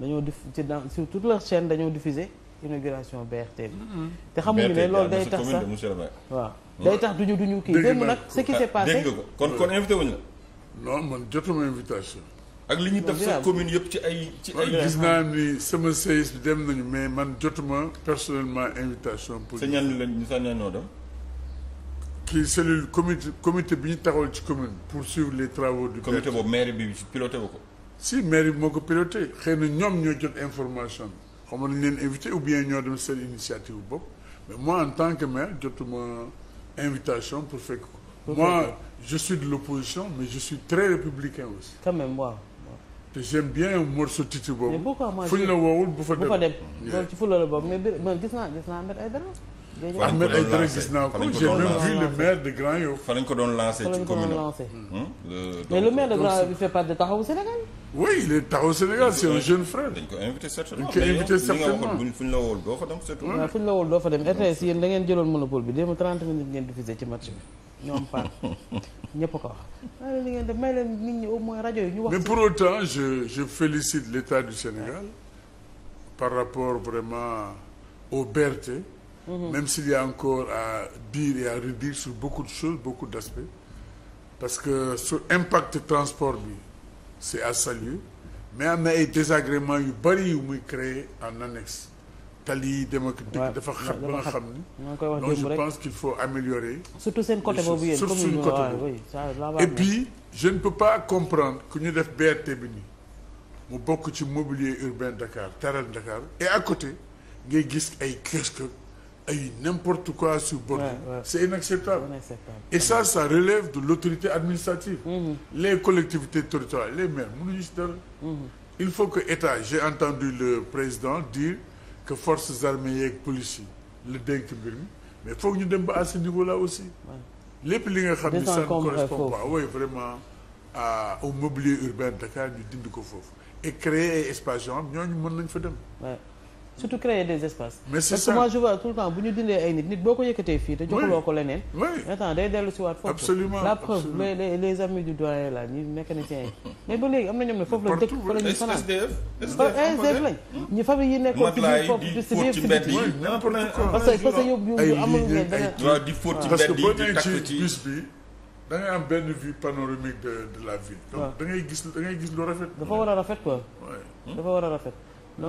dañoo diff ci dans sur toute leur chaîne dañoo diffuser inauguration BRT bi. Mm-hmm. te xamuñu ne loolu day tax sax waaw hmm? day tax duñu duñu kii. dégg nag ce qui s'est passé dégg ko kon kon invité wuñu la. man jotuma invitation. ak li ñu def sa commune yëpp ci ay. ci ay gis naa ni sama séisme bi dem nañu mais man jotuma personnellement invitation. pour sa ñan lañ sa ñan ñoo dem. kii cellule comité comité bi ñu taxawal ci commune pour suivre les travaux du. comité boobu maire bi piloté wu ko. si mairie bi moo ko piloté xëy ñoom ñoo jot information bi xam nañ invité ou bien ñoo dem seen initiative bopp mais moi en tant que maire jotuma invitation pour fekk ko moi je suis de l'opposition mais je suis très républicain aussi quand même waaw j'aime bien morceau titi boobu fu ñu la woowul bu fa dem bu fa dem la boobu mais bir man gis naa gis naa Ahmed Aïdara j'ai même vu le maire de Grand Yoff fa lañ ko doon lancé ci commune hmm? mais le maire de Grand Yoff il fait pas oui il est taxaw Sénégal c'est un jeune frère. dañ ko invité certainement dañ fu ñu la wool doo fa dem surtout. waaw fu ñu doo fa dem RTS yéen da ngeen jëloon monopole bi démb 30 bi ñoom Paar ko wax. ngeen def may leen nit ñi au moins rajo yi ñu wax. mais pour autant je je félicite l'État du Sénégal par rapport vraiment aux BRT. Mhm. même s'il y a encore à dire et à redire sur beaucoup de choses beaucoup d'aspects parce que sur impact transport bi. c'est à saluer mais am na ay désagréments yu bëri yu muy créer en annexe tali démocratique dafa xam ba nga xam ni donc je pense qu'il faut améliorer surtout seen côté boobu yéen surtout suñu côté boobu et puis je ne peux pas comprendre que ñu def BRT bi nii mu bokk ci mobilier urbain Dakar Teral Dakar et à côté ngay gis ay kiosque ay n'importe quoi sur bordeaux ouais, ouais. c'est inacceptable et ça ça relève de l'autorité administrative mm-hmm. les collectivités territoriales les maires mënuñu si mm-hmm. il faut que état j'ai entendu le président dire que forces armées yeeg police le la dénk mbir mi mais foog ñu dem ba à ce niveau là aussi lépp li nga xam ni ça ne correspond pas oui vraiment à au mobilier urbain Dakar ñu dind ko foofu et créer ay espaces yoo xam ñooñu mën nañ fa dem surtout créer des espaces. mais c'est ça parce que moi je vois tout le temps bu ñu dindee ay nit nit boo ko yëkkatee fii te joxuloo ko leneen. oui day dellu si waat foofu. la preuve les les du doyen là ñu mécaniciens yi. mais ba léegi am na ñoom ne foofu la dëkk fa la fanaan SDF. SDF lañ ñu famille yu amul ngeen benn. di fóot yi di am benn vue panoramique de de la ville. donc gis lu rafet. dafa war a rafet quoi. dafa war a rafet.